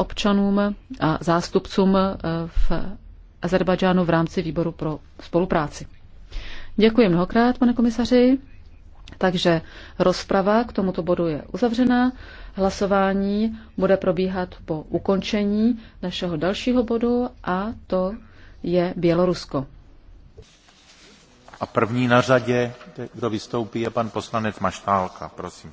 občanům a zástupcům eh, v Azerbajdžánu v rámci výboru pro spolupráci. Děkuji mnohokrát, pane komisaři. Takže rozprava k tomuto bodu je uzavřená. Hlasování bude probíhat po ukončení našeho dalšího bodu a to je Bělorusko. A první na řadě, kdo vystoupí, je pan poslanec Maštálka. Prosím.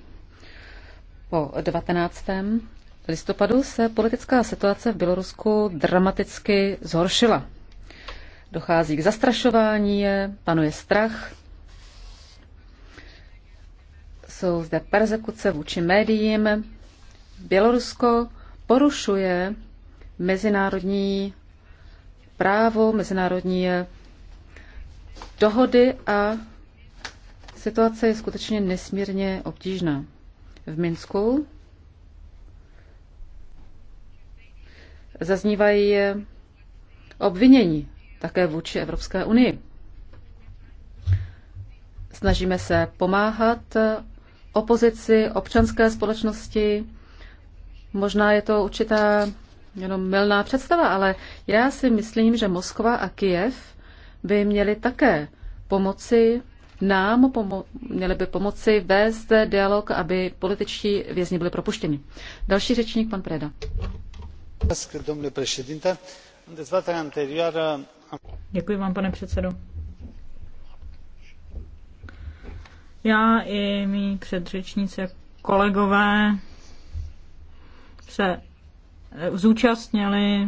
po 19. listopadu se politická situace v Bělorusku dramaticky zhoršila. Dochází k zastrašování, panuje strach, jsou zde persekuce vůči médiím. Bělorusko porušuje mezinárodní právo, mezinárodní dohody a situace je skutečně nesmírně obtížná v Minsku. Zaznívají obvinění také vůči Evropské unii. Snažíme se pomáhat opozici, občanské společnosti. Možná je to určitá jenom milná představa, ale já si myslím, že Moskva a Kiev by měli také pomoci nám pomo- měli by pomoci vést dialog, aby političtí vězni byli propuštěni. Další řečník, pan Preda. Děkuji vám, pane předsedo. Já i mý předřečnice kolegové se eh, zúčastnili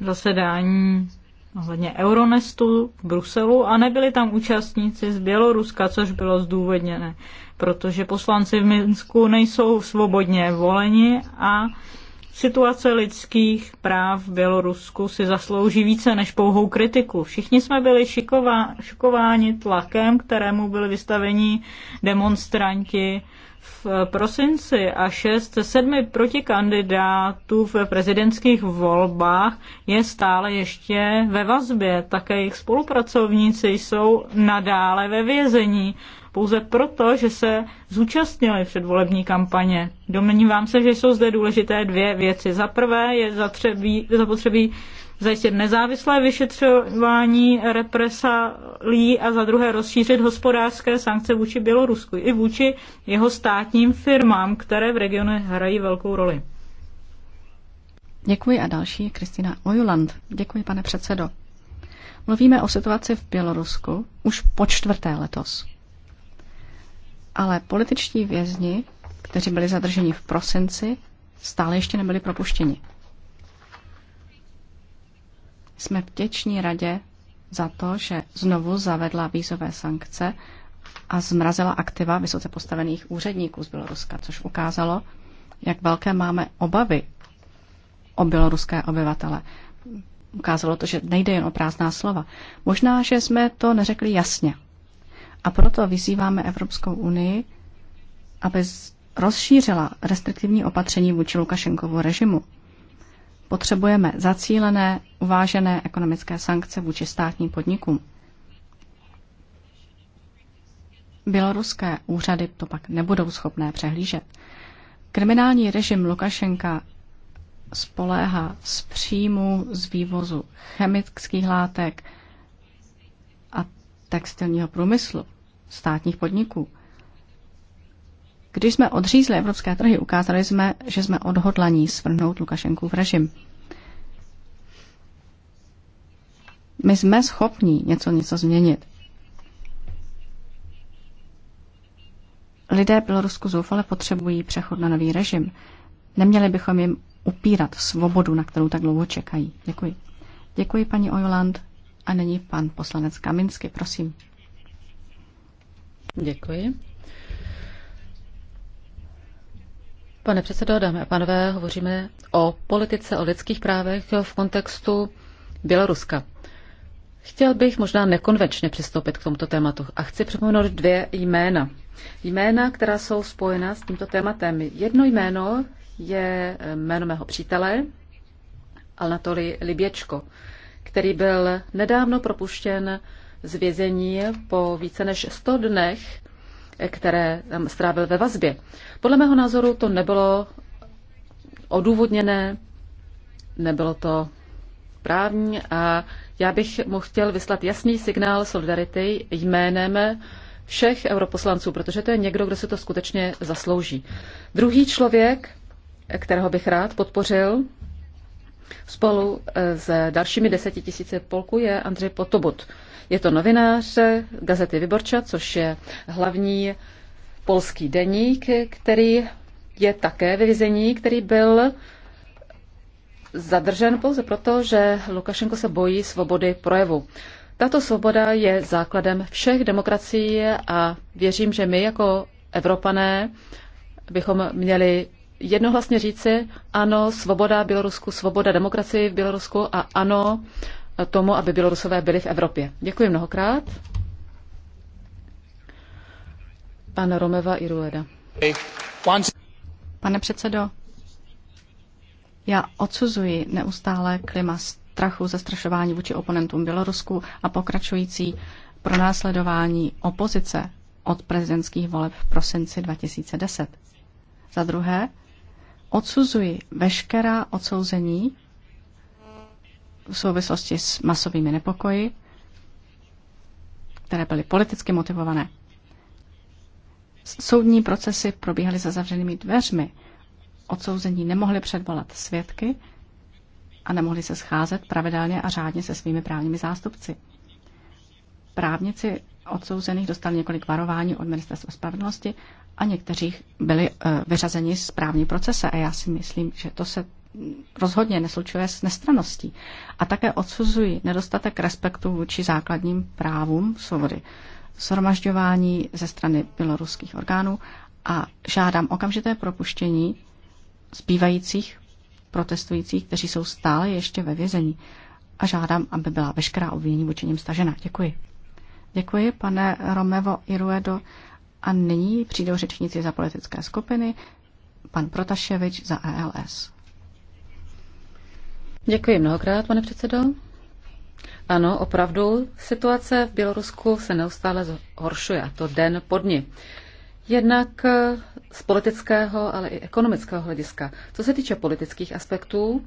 zasedání ohledně Euronestu v Bruselu a nebyli tam účastníci z Běloruska, což bylo zdůvodněné, protože poslanci v Minsku nejsou svobodně voleni a situace lidských práv v Bělorusku si zaslouží více než pouhou kritiku. Všichni jsme byli šikováni tlakem, kterému byli vystaveni demonstranti v prosinci a šest ze sedmi protikandidátů v prezidentských volbách je stále ještě ve vazbě. Také jejich spolupracovníci jsou nadále ve vězení pouze proto, že se zúčastnili předvolební kampaně. Domnívám se, že jsou zde důležité dvě věci. Za prvé je zapotřebí zajistit nezávislé vyšetřování represalí a za druhé rozšířit hospodářské sankce vůči Bělorusku i vůči jeho státním firmám, které v regionu hrají velkou roli. Děkuji a další Kristina Ojuland. Děkuji, pane předsedo. Mluvíme o situaci v Bělorusku už po čtvrté letos. Ale političtí vězni, kteří byli zadrženi v prosinci, stále ještě nebyli propuštěni. Jsme vděční radě za to, že znovu zavedla vízové sankce a zmrazila aktiva vysoce postavených úředníků z Běloruska, což ukázalo, jak velké máme obavy o běloruské obyvatele. Ukázalo to, že nejde jen o prázdná slova. Možná, že jsme to neřekli jasně. A proto vyzýváme Evropskou unii, aby rozšířila restriktivní opatření vůči Lukašenkovu režimu Potřebujeme zacílené, uvážené ekonomické sankce vůči státním podnikům. Běloruské úřady to pak nebudou schopné přehlížet. Kriminální režim Lukašenka spoléhá z příjmu z vývozu chemických látek a textilního průmyslu státních podniků. Když jsme odřízli evropské trhy, ukázali jsme, že jsme odhodlaní svrhnout v režim. My jsme schopní něco, něco změnit. Lidé Bělorusku zoufale potřebují přechod na nový režim. Neměli bychom jim upírat svobodu, na kterou tak dlouho čekají. Děkuji. Děkuji, paní Ojoland. A není pan poslanec Kaminsky, prosím. Děkuji. Pane předsedo, dámy a pánové, hovoříme o politice, o lidských právech v kontextu Běloruska. Chtěl bych možná nekonvenčně přistoupit k tomuto tématu a chci připomenout dvě jména. Jména, která jsou spojena s tímto tématem. Jedno jméno je jméno mého přítele, alnatoli Liběčko, který byl nedávno propuštěn z vězení po více než 100 dnech které tam strávil ve vazbě. Podle mého názoru to nebylo odůvodněné, nebylo to právní a já bych mu chtěl vyslat jasný signál solidarity jménem všech europoslanců, protože to je někdo, kdo se to skutečně zaslouží. Druhý člověk, kterého bych rád podpořil, spolu eh, s dalšími deseti tisíce polků je Andřej Potobut. Je to novinář gazety Vyborča, což je hlavní polský deník, který je také ve vězení, který byl zadržen pouze proto, že Lukašenko se bojí svobody projevu. Tato svoboda je základem všech demokracií a věřím, že my jako Evropané bychom měli jednohlasně říci ano, svoboda Bělorusku, svoboda demokracie v Bělorusku a ano, tomu, aby Bělorusové byli v Evropě. Děkuji mnohokrát. Pan Romeva Irueda. Pane předsedo, já odsuzuji neustále klima strachu, zastrašování vůči oponentům Bělorusku a pokračující pronásledování opozice od prezidentských voleb v prosinci 2010. Za druhé, odsuzuji veškerá odsouzení v souvislosti s masovými nepokoji, které byly politicky motivované. Soudní procesy probíhaly za zavřenými dveřmi. Odsouzení nemohli předvolat svědky a nemohli se scházet pravidelně a řádně se svými právními zástupci. Právníci odsouzených dostali několik varování od Ministerstva spravedlnosti a někteří byli eh, vyřazeni z právní procese. A já si myslím, že to se rozhodně neslučuje s nestraností. A také odsuzují nedostatek respektu vůči základním právům svobody, shromažďování ze strany běloruských orgánů a žádám okamžité propuštění zbývajících protestujících, kteří jsou stále ještě ve vězení. A žádám, aby byla veškerá obvinění vůči nim stažena. Děkuji. Děkuji, pane Romevo Iruedo. A nyní přijdou řečníci za politické skupiny, pan Protaševič za ELS. Děkuji mnohokrát, pane předsedo. Ano, opravdu, situace v Bělorusku se neustále zhoršuje, a to den po dni. Jednak eh, z politického, ale i ekonomického hlediska. Co se týče politických aspektů,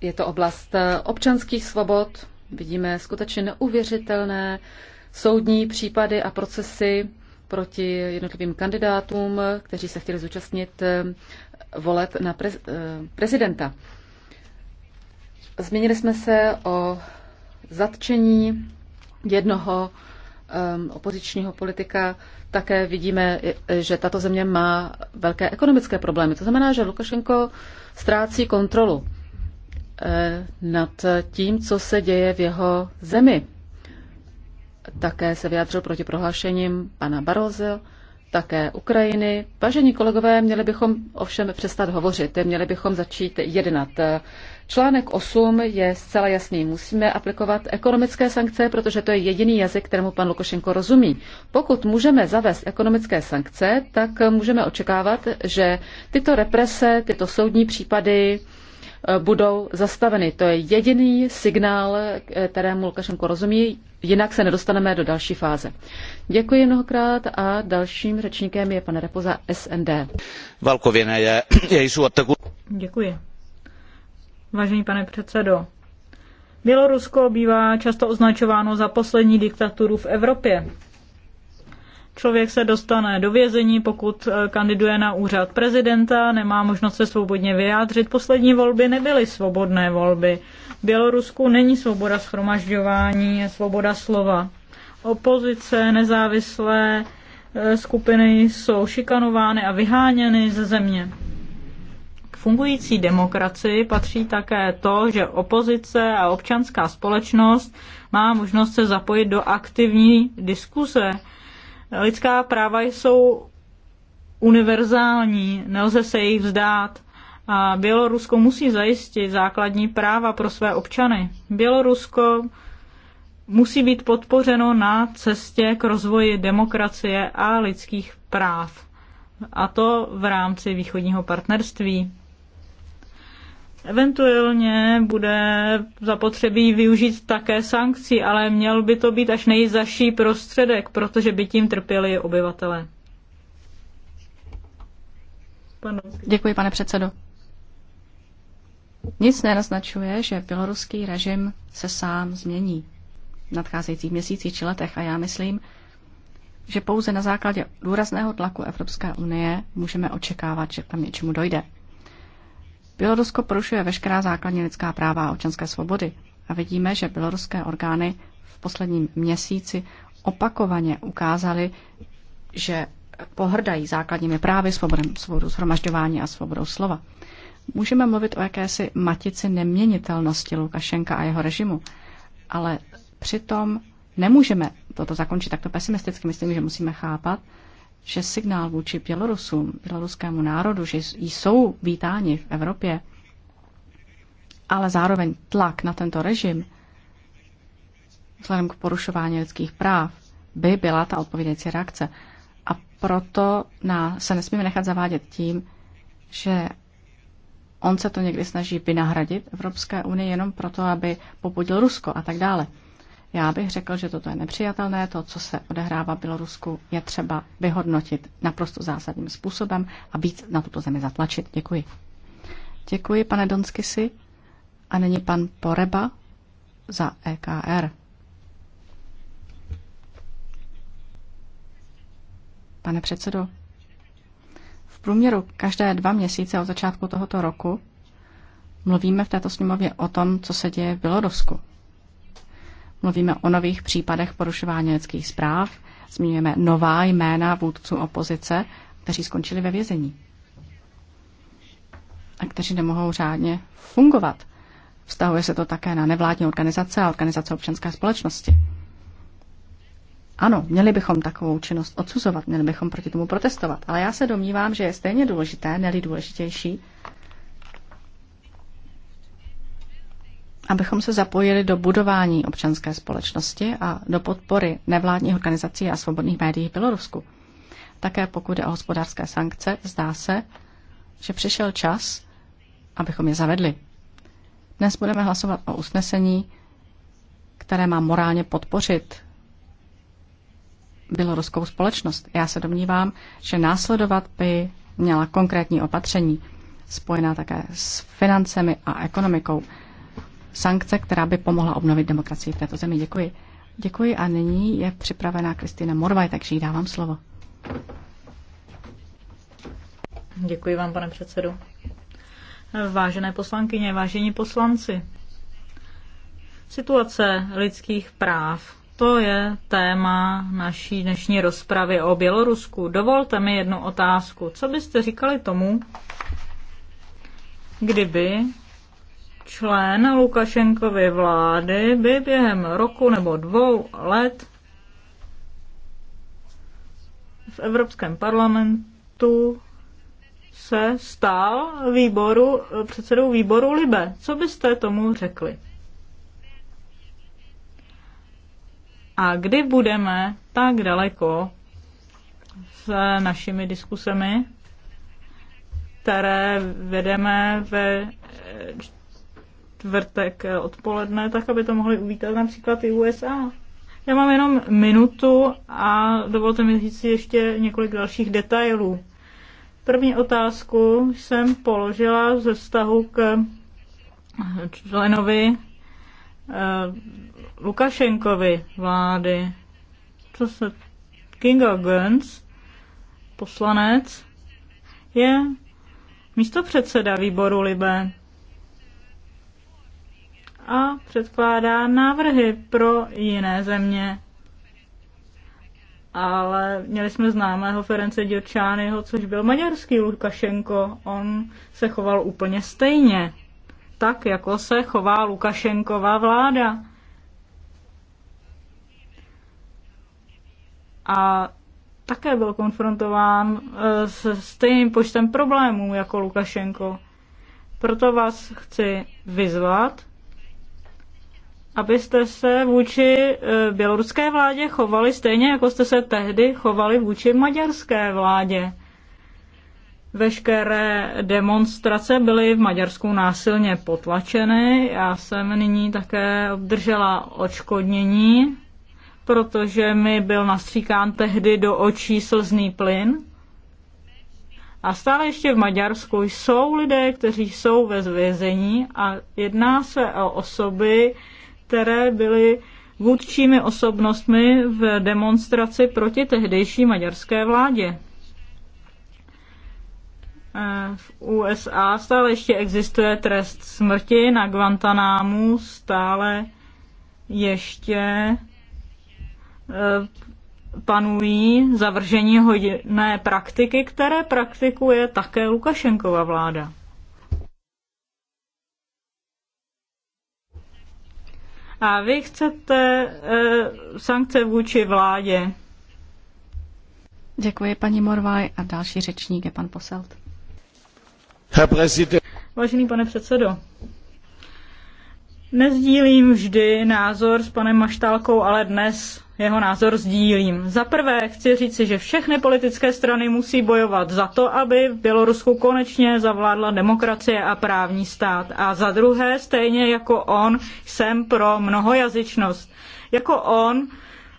je to oblast eh, občanských svobod. Vidíme skutečně neuvěřitelné soudní případy a procesy proti jednotlivým kandidátům, kteří se chtěli zúčastnit eh, voleb na prez, eh, prezidenta. Zmínili jsme se o zatčení jednoho opozičního politika. Také vidíme, že tato země má velké ekonomické problémy. To znamená, že Lukašenko ztrácí kontrolu eh, nad tím, co se děje v jeho zemi. Také se vyjádřil proti prohlášením pana Barozeho, také Ukrajiny. Vážení kolegové, měli bychom ovšem přestat hovořit, měli bychom začít jednat. Článek 8 je zcela jasný. Musíme aplikovat ekonomické sankce, protože to je jediný jazyk, kterému pan Lukošenko rozumí. Pokud můžeme zavést ekonomické sankce, tak můžeme očekávat, že tyto represe, tyto soudní případy, Eh, budou zastaveny. To je jediný signál, eh, kterému Lukašenko rozumí, jinak se nedostaneme do další fáze. Děkuji mnohokrát a dalším řečníkem je pan Repoza SND. Valkovina je její ataku. Děkuji. Vážený pane předsedo, Bělorusko bývá často označováno za poslední diktaturu v Evropě. Člověk se dostane do vězení, pokud eh, kandiduje na úřad prezidenta, nemá možnost se svobodně vyjádřit. Poslední volby nebyly svobodné volby. V Bělorusku není svoboda schromažďování, je svoboda slova. Opozice, nezávislé eh, skupiny jsou šikanovány a vyháněny ze země. K fungující demokracii patří také to, že opozice a občanská společnost má možnost se zapojit do aktivní diskuse Lidská práva jsou univerzální, nelze se jich vzdát. A Bělorusko musí zajistit základní práva pro své občany. Bělorusko musí být podpořeno na cestě k rozvoji demokracie a lidských práv. A to v rámci východního partnerství. Eventuálně bude zapotřebí využít také sankcí, ale měl by to být až nejzaší prostředek, protože by tím trpěli obyvatele. Děkuji, pane předsedo. Nic nenaznačuje, že běloruský režim se sám změní v nadcházejících měsících či letech a já myslím, že pouze na základě důrazného tlaku Evropské unie můžeme očekávat, že tam něčemu dojde. Bělorusko porušuje veškerá základní lidská práva a občanské svobody. A vidíme, že běloruské orgány v posledním měsíci opakovaně ukázaly, že pohrdají základními právy, svobodem, svobodou shromažďování a svobodou slova. Můžeme mluvit o jakési matici neměnitelnosti Lukašenka a jeho režimu, ale přitom nemůžeme toto zakončit takto pesimisticky. Myslím, že musíme chápat, že signál vůči Bělorusům, běloruskému národu, že jsou vítáni v Evropě, ale zároveň tlak na tento režim, vzhledem k porušování lidských práv, by byla ta odpovědějící reakce. A proto na, se nesmíme nechat zavádět tím, že on se to někdy snaží vynahradit Evropské unii jenom proto, aby popudil Rusko a tak dále. Já bych řekl, že toto je nepřijatelné. To, co se odehrává v Bělorusku, je třeba vyhodnotit naprosto zásadním způsobem a být na tuto zemi zatlačit. Děkuji. Děkuji, pane Donskisi. A nyní pan Poreba za EKR. Pane předsedo, v průměru každé dva měsíce od začátku tohoto roku mluvíme v této sněmově o tom, co se děje v Bělorusku. Mluvíme o nových případech porušování lidských zpráv. zmiňujeme nová jména vůdců opozice, kteří skončili ve vězení a kteří nemohou řádně fungovat. Vztahuje se to také na nevládní organizace a organizace občanské společnosti. Ano, měli bychom takovou činnost odsuzovat, měli bychom proti tomu protestovat, ale já se domnívám, že je stejně důležité, neli důležitější, abychom se zapojili do budování občanské společnosti a do podpory nevládních organizací a svobodných médií v Bělorusku. Také pokud je o hospodářské sankce, zdá se, že přišel čas, abychom je zavedli. Dnes budeme hlasovat o usnesení, které má morálně podpořit běloruskou společnost. Já se domnívám, že následovat by měla konkrétní opatření, spojená také s financemi a ekonomikou sankce, která by pomohla obnovit demokracii v této zemi. Děkuji. Děkuji a nyní je připravená Kristýna Morvaj, takže jí dávám slovo. Děkuji vám, pane předsedu. Vážené poslankyně, vážení poslanci, situace lidských práv, to je téma naší dnešní rozpravy o Bělorusku. Dovolte mi jednu otázku. Co byste říkali tomu, kdyby člen Lukašenkovy vlády by během roku nebo dvou let v Evropském parlamentu se stal výboru, předsedou výboru Libe. Co byste tomu řekli? A kdy budeme tak daleko s našimi diskusemi, které vedeme ve čtvrtek eh, odpoledne, tak aby to mohli uvítat například i USA. Já mám jenom minutu a dovolte mi říct ještě několik dalších detailů. První otázku jsem položila ze vztahu k členovi eh, Lukašenkovi vlády. Co se Kinga Guns poslanec, je místo předseda výboru Libe a předkládá návrhy pro jiné země. Ale měli jsme známého Ference Diočányho, což byl maďarský Lukašenko. On se choval úplně stejně, tak jako se chová Lukašenková vláda. A také byl konfrontován eh, se stejným počtem problémů jako Lukašenko. Proto vás chci vyzvat, abyste se vůči e, běloruské vládě chovali stejně, jako jste se tehdy chovali vůči maďarské vládě. Veškeré demonstrace byly v Maďarsku násilně potlačeny. Já jsem nyní také obdržela očkodnění, protože mi byl nastříkán tehdy do očí slzný plyn. A stále ještě v Maďarsku jsou lidé, kteří jsou ve zvězení a jedná se o osoby, které byly vůdčími osobnostmi v demonstraci proti tehdejší maďarské vládě. Eh, v USA stále ještě existuje trest smrti, na Guantanámu stále ještě eh, panují zavržení hodinné praktiky, které praktikuje také Lukašenkova vláda. A vy chcete uh, sankce vůči vládě. Děkuji paní Morvaj a další řečník je pan Poselt. Herr Vážený pane předsedo, Nezdílím vždy názor s panem Maštálkou, ale dnes jeho názor sdílím. Za prvé chci říci, že všechny politické strany musí bojovat za to, aby v Bělorusku konečně zavládla demokracie a právní stát. A za druhé, stejně jako on, jsem pro mnohojazyčnost. Jako on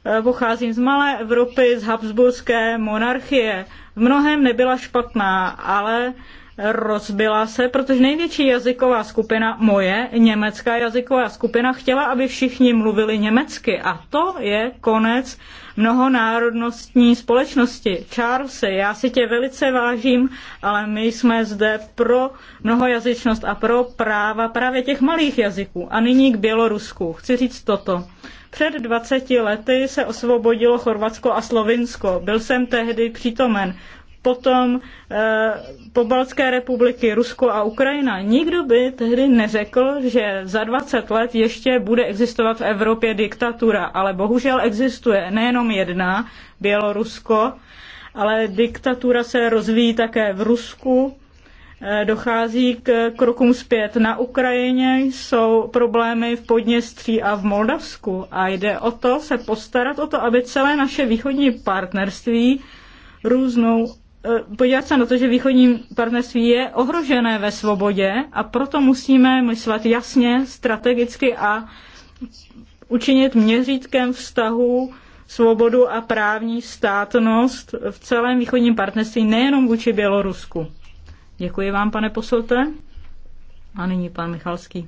eh, pocházím z malé Evropy, z Habsburské monarchie. V mnohem nebyla špatná, ale rozbila se, protože největší jazyková skupina moje, německá jazyková skupina, chtěla, aby všichni mluvili německy. A to je konec mnohonárodnostní společnosti. Charles, já si tě velice vážím, ale my jsme zde pro mnohojazyčnost a pro práva právě těch malých jazyků. A nyní k Bělorusku. Chci říct toto. Před 20 lety se osvobodilo Chorvatsko a Slovinsko. Byl jsem tehdy přítomen potom eh, Pobaltské republiky, Rusko a Ukrajina. Nikdo by tehdy neřekl, že za 20 let ještě bude existovat v Evropě diktatura, ale bohužel existuje nejenom jedna, Bělorusko, ale diktatura se rozvíjí také v Rusku, eh, dochází k krokům zpět na Ukrajině, jsou problémy v Podněstří a v Moldavsku a jde o to se postarat o to, aby celé naše východní partnerství různou Eh, podívat se na to, že východní partnerství je ohrožené ve svobodě a proto musíme myslet jasně, strategicky a učinit měřítkem vztahu svobodu a právní státnost v celém východním partnerství, nejenom vůči Bělorusku. Děkuji vám, pane posolte. A nyní pan Michalský.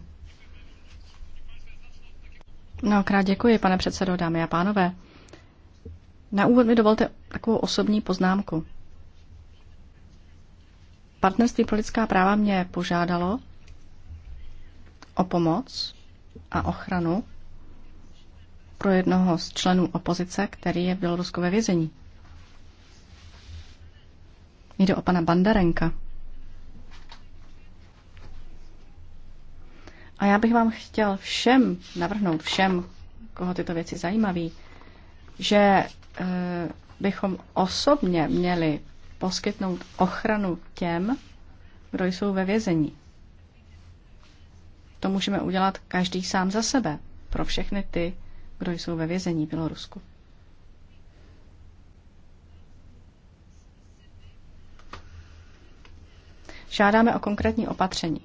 No, krát děkuji, pane předsedo, dámy a pánové. Na úvod mi dovolte takovou osobní poznámku. Partnerství pro lidská práva mě požádalo o pomoc a ochranu pro jednoho z členů opozice, který je v Bělorusku ve vězení. Jde o pana Bandarenka. A já bych vám chtěl všem navrhnout, všem, koho tyto věci zajímaví, že e, bychom osobně měli poskytnout ochranu těm, kdo jsou ve vězení. To můžeme udělat každý sám za sebe, pro všechny ty, kdo jsou ve vězení v Bělorusku. Žádáme o konkrétní opatření.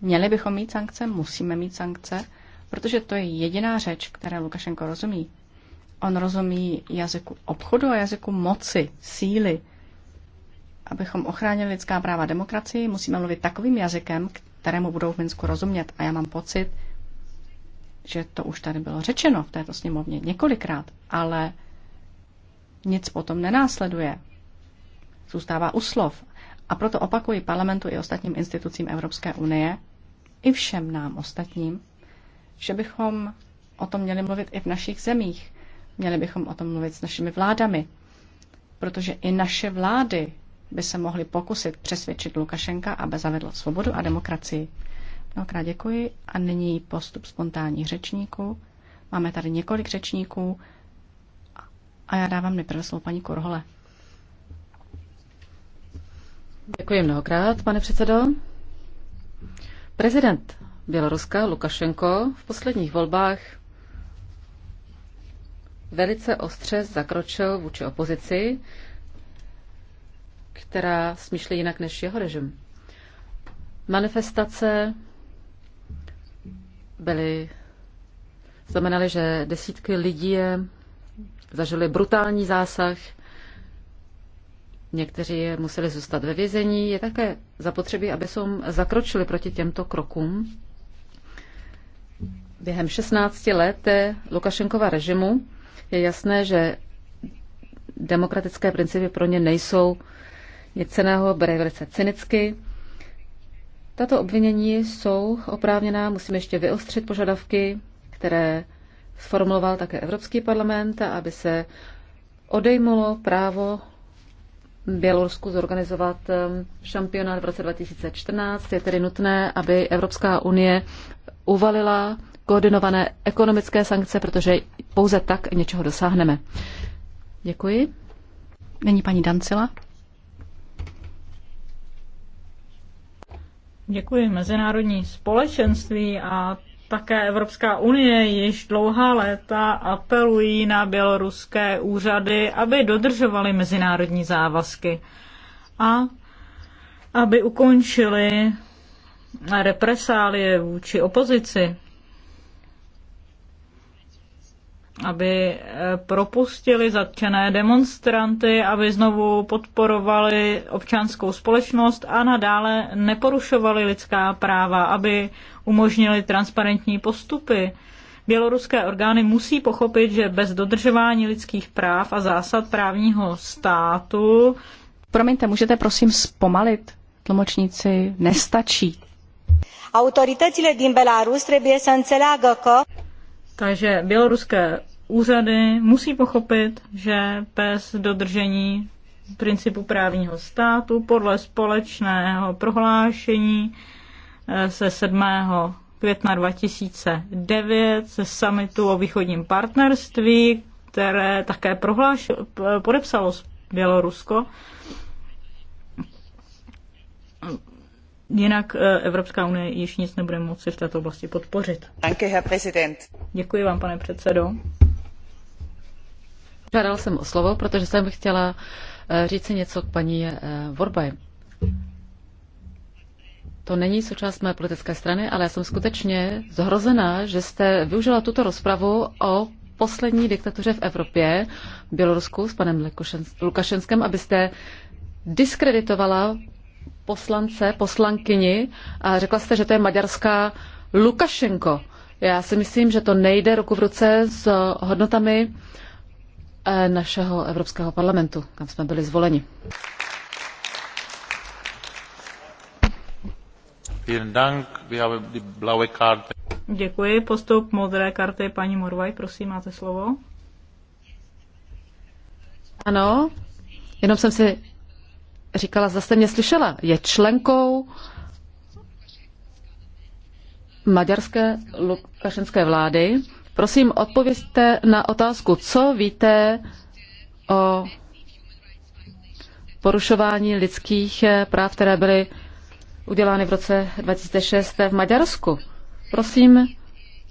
Měli bychom mít sankce, musíme mít sankce, protože to je jediná řeč, které Lukašenko rozumí. On rozumí jazyku obchodu a jazyku moci, síly. Abychom ochránili lidská práva demokracii, musíme mluvit takovým jazykem, kterému budou v Minsku rozumět. A já mám pocit, že to už tady bylo řečeno v této sněmovně několikrát, ale nic potom nenásleduje. Zůstává u slov. A proto opakuji parlamentu i ostatním institucím Evropské unie, i všem nám ostatním, že bychom o tom měli mluvit i v našich zemích. Měli bychom o tom mluvit s našimi vládami, protože i naše vlády by se mohly pokusit přesvědčit Lukašenka, aby zavedl svobodu a demokracii. Mnohokrát děkuji a nyní postup spontánních řečníků. Máme tady několik řečníků a já dávám nejprve slovo paní Korhole. Děkuji mnohokrát, pane předsedo. Prezident Běloruska Lukašenko v posledních volbách velice ostře zakročil vůči opozici, která smýšlí jinak než jeho režim. Manifestace byly, znamenaly, že desítky lidí je, zažili brutální zásah, někteří je museli zůstat ve vězení. Je také zapotřebí, aby jsou zakročili proti těmto krokům. Během 16 let Lukašenkova režimu je jasné, že demokratické principy pro ně nejsou nic ceného, bere velice cynicky. Tato obvinění jsou oprávněná, musíme ještě vyostřit požadavky, které sformuloval také Evropský parlament, aby se odejmulo právo Bělorusku zorganizovat ehm, šampionát v roce 2014. Je tedy nutné, aby Evropská unie uvalila koordinované ekonomické sankce, protože pouze tak něčeho dosáhneme. Děkuji. Není paní Dancila? Děkuji. Mezinárodní společenství a také Evropská unie již dlouhá léta apelují na běloruské úřady, aby dodržovaly mezinárodní závazky a aby ukončili represálie vůči opozici. aby eh, propustili zatčené demonstranty, aby znovu podporovali občanskou společnost a nadále neporušovali lidská práva, aby umožnili transparentní postupy. Běloruské orgány musí pochopit, že bez dodržování lidských práv a zásad právního státu. Promiňte, můžete prosím zpomalit? Tlumočníci nestačí. Autoritățile din Belarus trebuie să înțeleagă că takže běloruské úřady musí pochopit, že bez dodržení principu právního státu podle společného prohlášení eh, se 7. května 2009 se summitu o východním partnerství, které také prohláš, podepsalo Bělorusko. Jinak eh, Evropská unie již nic nebude moci v této oblasti podpořit. Danke, Herr Präsident. Děkuji vám, pane předsedo. Žádal jsem o slovo, protože jsem chtěla eh, říct si něco k paní eh, Vorbaj. To není součást mé politické strany, ale já jsem skutečně zhrozená, že jste využila tuto rozpravu o poslední diktatuře v Evropě, v Bělorusku s panem Lukašenskem, abyste diskreditovala poslance, poslankyni a řekla jste, že to je maďarská Lukašenko. Já si myslím, že to nejde ruku v ruce s hodnotami eh, našeho Evropského parlamentu, kam jsme byli zvoleni. Děkuji. Postup modré karty paní Morvaj, prosím, máte slovo. Ano, jenom jsem si říkala, zase mě slyšela. Je členkou maďarské lukašenské vlády. Prosím, odpovězte na otázku, co víte o porušování lidských eh, práv, které byly udělány v roce 2006 v Maďarsku. Prosím,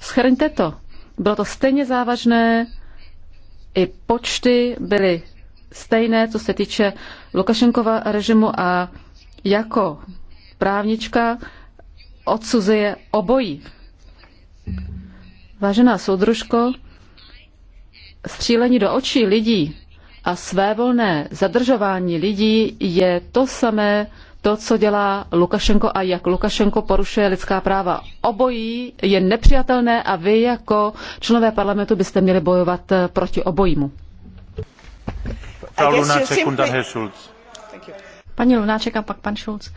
schrňte to. Bylo to stejně závažné, i počty byly stejné, co se týče Lukašenkova režimu a jako právnička odsuzuje obojí. Vážená soudružko, střílení do očí lidí a svévolné zadržování lidí je to samé, to, co dělá Lukašenko a jak Lukašenko porušuje lidská práva. Obojí je nepřijatelné a vy jako členové parlamentu byste měli bojovat eh, proti obojímu. Paní Lunáček a pak pan Šulc.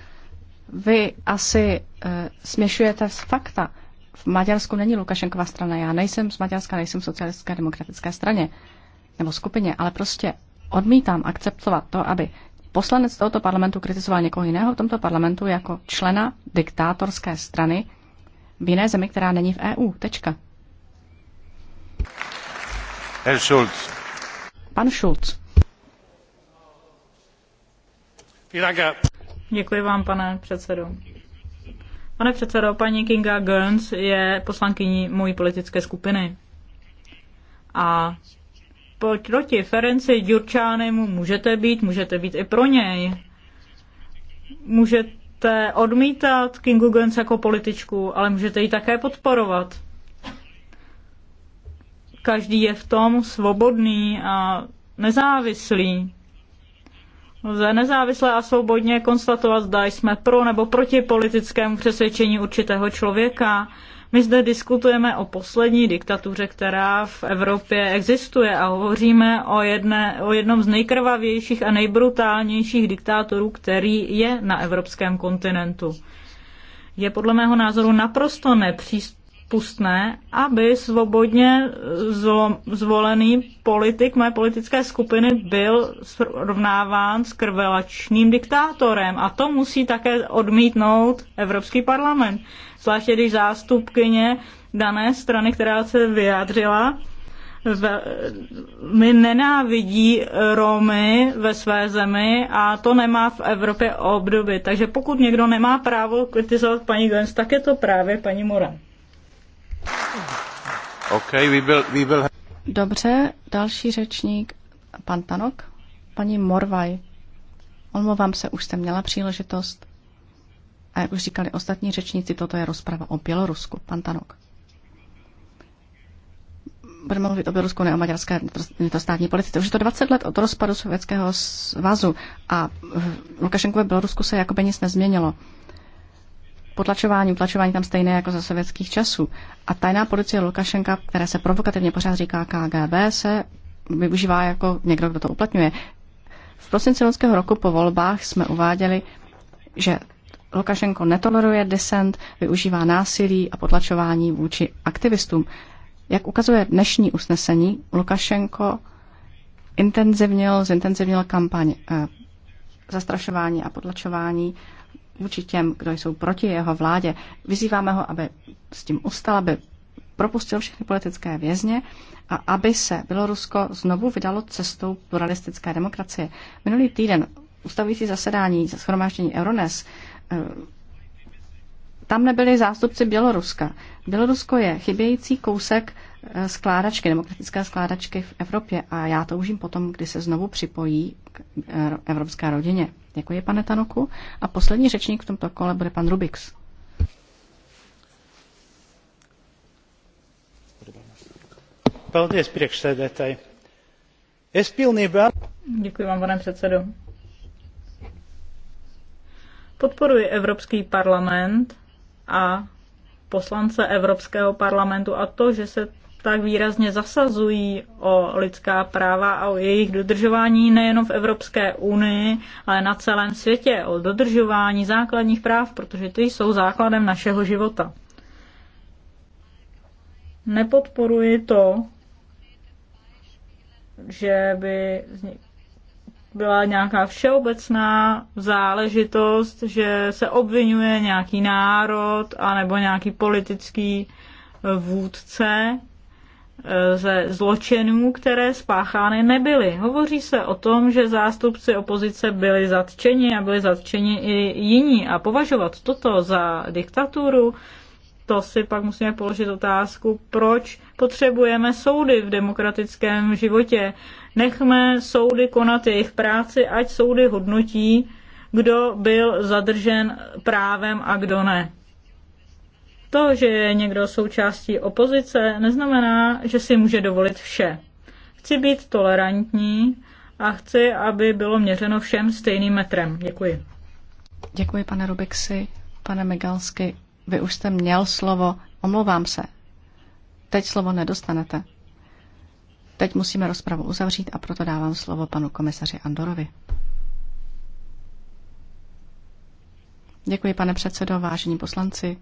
Vy asi uh, směšujete s fakta. V Maďarsku není Lukašenková strana. Já nejsem z Maďarska, nejsem v socialistické demokratické straně nebo skupině, ale prostě odmítám akceptovat to, aby poslanec tohoto parlamentu kritizoval někoho jiného v tomto parlamentu jako člena diktátorské strany v jiné zemi, která není v EU. Tečka. Herr Schulz. Pan Schulz. Vielen Dank, Děkuji vám, pane předsedo. Pane předsedo, paní Kinga Gerns je poslankyní mojí politické skupiny. A proti Ferenci Djurčánemu můžete být, můžete být i pro něj. Můžete odmítat Kingu Gens jako političku, ale můžete ji také podporovat. Každý je v tom svobodný a nezávislý. Lze nezávisle a svobodně konstatovat, zda jsme pro nebo proti politickému přesvědčení určitého člověka. My zde diskutujeme o poslední diktatuře, která v Evropě existuje a hovoříme o, jedné, o jednom z nejkrvavějších a nejbrutálnějších diktátorů, který je na evropském kontinentu. Je podle mého názoru naprosto nepřístupný přípustné, aby svobodně zvolený politik mé politické skupiny byl srovnáván s krvelačním diktátorem. A to musí také odmítnout Evropský parlament. Zvláště když zástupkyně dané strany, která se vyjádřila, my nenávidí Romy ve své zemi a to nemá v Evropě obdoby. Takže pokud někdo nemá právo kritizovat paní Gens, tak je to právě paní Moran. Okay, we will, we will... Dobře, další řečník, pan Tanok, paní Morvaj. Omlouvám se, už jste měla příležitost. A jak už říkali ostatní řečníci, toto je rozprava o Bělorusku. Pan Tanok. Budeme mluvit o Bělorusku, ne o maďarské vnitrostátní politice. Už je to 20 let od rozpadu Sovětského svazu a v Lukašenkové Bělorusku se jakoby nic nezměnilo potlačování, utlačování tam stejné jako za sovětských časů. A tajná policie Lukašenka, která se provokativně pořád říká KGB, se využívá jako někdo, kdo to uplatňuje. V prosinci loňského roku po volbách jsme uváděli, že Lukašenko netoleruje disent, využívá násilí a potlačování vůči aktivistům. Jak ukazuje dnešní usnesení, Lukašenko intenzivnil, zintenzivnil kampaň eh, zastrašování a potlačování vůči těm, kdo jsou proti jeho vládě. Vyzýváme ho, aby s tím ustal, aby propustil všechny politické vězně a aby se Bělorusko znovu vydalo cestou pluralistické demokracie. Minulý týden ustavující zasedání shromáždění Eurones eh, tam nebyli zástupci Běloruska. Bělorusko je chybějící kousek eh, skládačky, demokratické skládačky v Evropě a já toužím potom, kdy se znovu připojí k eh, evropské rodině. Děkuji, pane Tanoku. A poslední řečník v tomto kole bude pan Rubix. Děkuji vám, pane předsedo. Podporuji Evropský parlament a poslance Evropského parlamentu a to, že se tak výrazně zasazují o lidská práva a o jejich dodržování nejenom v Evropské unii, ale na celém světě, o dodržování základních práv, protože ty jsou základem našeho života. Nepodporuji to, že by byla nějaká všeobecná záležitost, že se obvinuje nějaký národ anebo nějaký politický vůdce Eh, ze zločinů, které spáchány nebyly. Hovoří se o tom, že zástupci opozice byli zatčeni a byli zatčeni i jiní. A považovat toto za diktaturu, to si pak musíme položit otázku, proč potřebujeme soudy v demokratickém životě. Nechme soudy konat jejich práci, ať soudy hodnotí, kdo byl zadržen právem a kdo ne. To, že je někdo součástí opozice, neznamená, že si může dovolit vše. Chci být tolerantní a chci, aby bylo měřeno všem stejným metrem. Děkuji. Děkuji, pane Rubixi. Pane Migalsky, vy už jste měl slovo. Omlouvám se. Teď slovo nedostanete. Teď musíme rozpravu uzavřít a proto dávám slovo panu komisaři Andorovi. Děkuji, pane předsedo, vážení poslanci.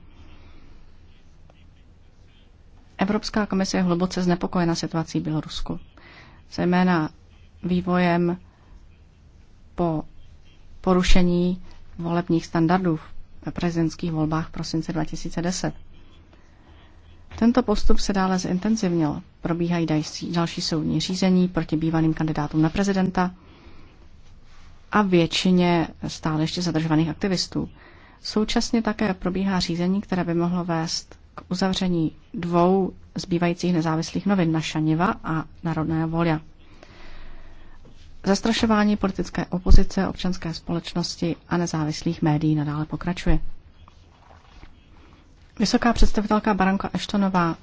Evropská komise je hluboce znepokojena situací v Bělorusku, zejména vývojem po porušení volebních standardů ve prezidentských volbách v prosince 2010. Tento postup se dále zintenzivnil. Probíhají další soudní řízení proti bývalým kandidátům na prezidenta a většině stále ještě zadržovaných aktivistů. Současně také probíhá řízení, které by mohlo vést k uzavření dvou zbývajících nezávislých novin na Šaniva a Národná volia. Zastrašování politické opozice, občanské společnosti a nezávislých médií nadále pokračuje. Vysoká představitelka Baranka Eštonová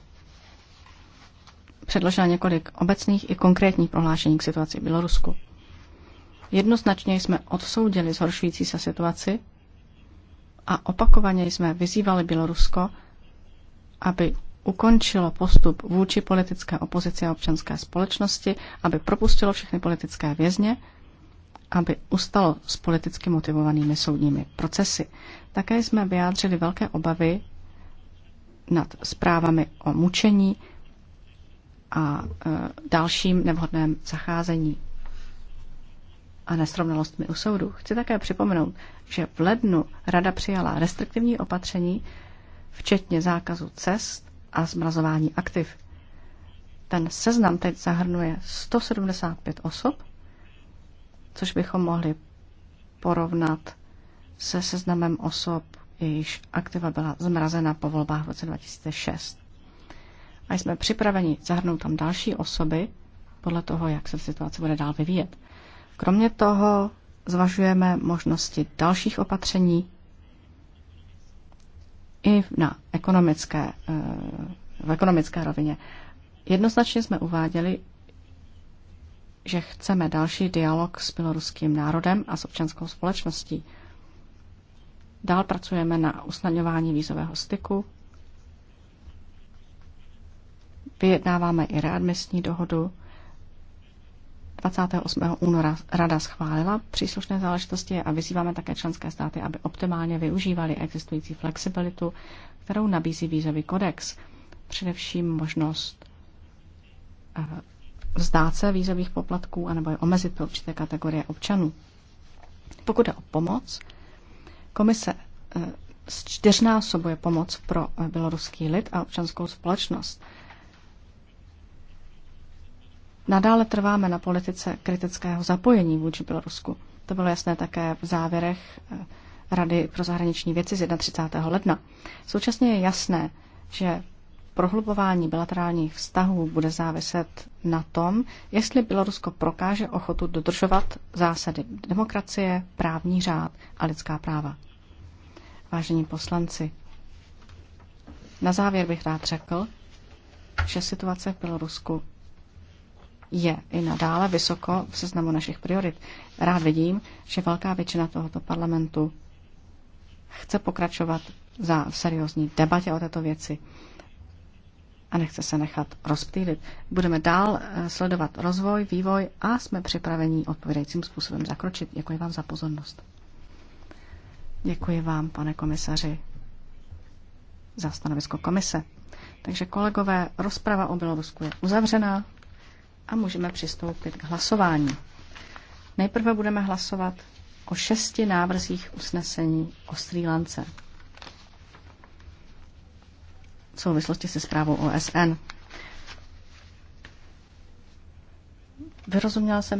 předložila několik obecných i konkrétních prohlášení k situaci v Bělorusku. Jednoznačně jsme odsoudili zhoršující se situaci a opakovaně jsme vyzývali Bělorusko, aby ukončilo postup vůči politické opozici a občanské společnosti, aby propustilo všechny politické vězně, aby ustalo s politicky motivovanými soudními procesy. Také jsme vyjádřili velké obavy nad zprávami o mučení a e, dalším nevhodném zacházení a nesrovnalostmi u soudu. Chci také připomenout, že v lednu Rada přijala restriktivní opatření, včetně zákazu cest a zmrazování aktiv. Ten seznam teď zahrnuje 175 osob, což bychom mohli porovnat se seznamem osob, jejichž aktiva byla zmrazena po volbách v roce 2006. A jsme připraveni zahrnout tam další osoby podle toho, jak se situace bude dál vyvíjet. Kromě toho zvažujeme možnosti dalších opatření, i na ekonomické, eh, v ekonomické rovině. Jednoznačně jsme uváděli, že chceme další dialog s běloruským národem a s občanskou společností. Dál pracujeme na usnadňování vízového styku. Vyjednáváme i readmisní dohodu 28. února Rada schválila příslušné záležitosti a vyzýváme také členské státy, aby optimálně využívali existující flexibilitu, kterou nabízí vízový kodex. Především možnost eh, vzdát se vízových poplatků anebo je omezit pro určité kategorie občanů. Pokud je o pomoc, komise eh, čtyřnásobuje pomoc pro eh, běloruský lid a občanskou společnost. Nadále trváme na politice kritického zapojení vůči Bělorusku. To bylo jasné také v závěrech eh, Rady pro zahraniční věci z 31. ledna. Současně je jasné, že prohlubování bilaterálních vztahů bude záviset na tom, jestli Bělorusko prokáže ochotu dodržovat zásady demokracie, právní řád a lidská práva. Vážení poslanci, na závěr bych rád řekl, že situace v Bělorusku je i nadále vysoko v seznamu našich priorit. Rád vidím, že velká většina tohoto parlamentu chce pokračovat za seriózní debatě o této věci a nechce se nechat rozptýlit. Budeme dál eh, sledovat rozvoj, vývoj a jsme připraveni odpovědajícím způsobem zakročit. Děkuji vám za pozornost. Děkuji vám, pane komisaři, za stanovisko komise. Takže kolegové, rozprava o Bělorusku je uzavřená a můžeme přistoupit k hlasování. Nejprve budeme hlasovat o šesti návrzích usnesení o Sri Lance v souvislosti se zprávou OSN. Vyrozuměla jsem, že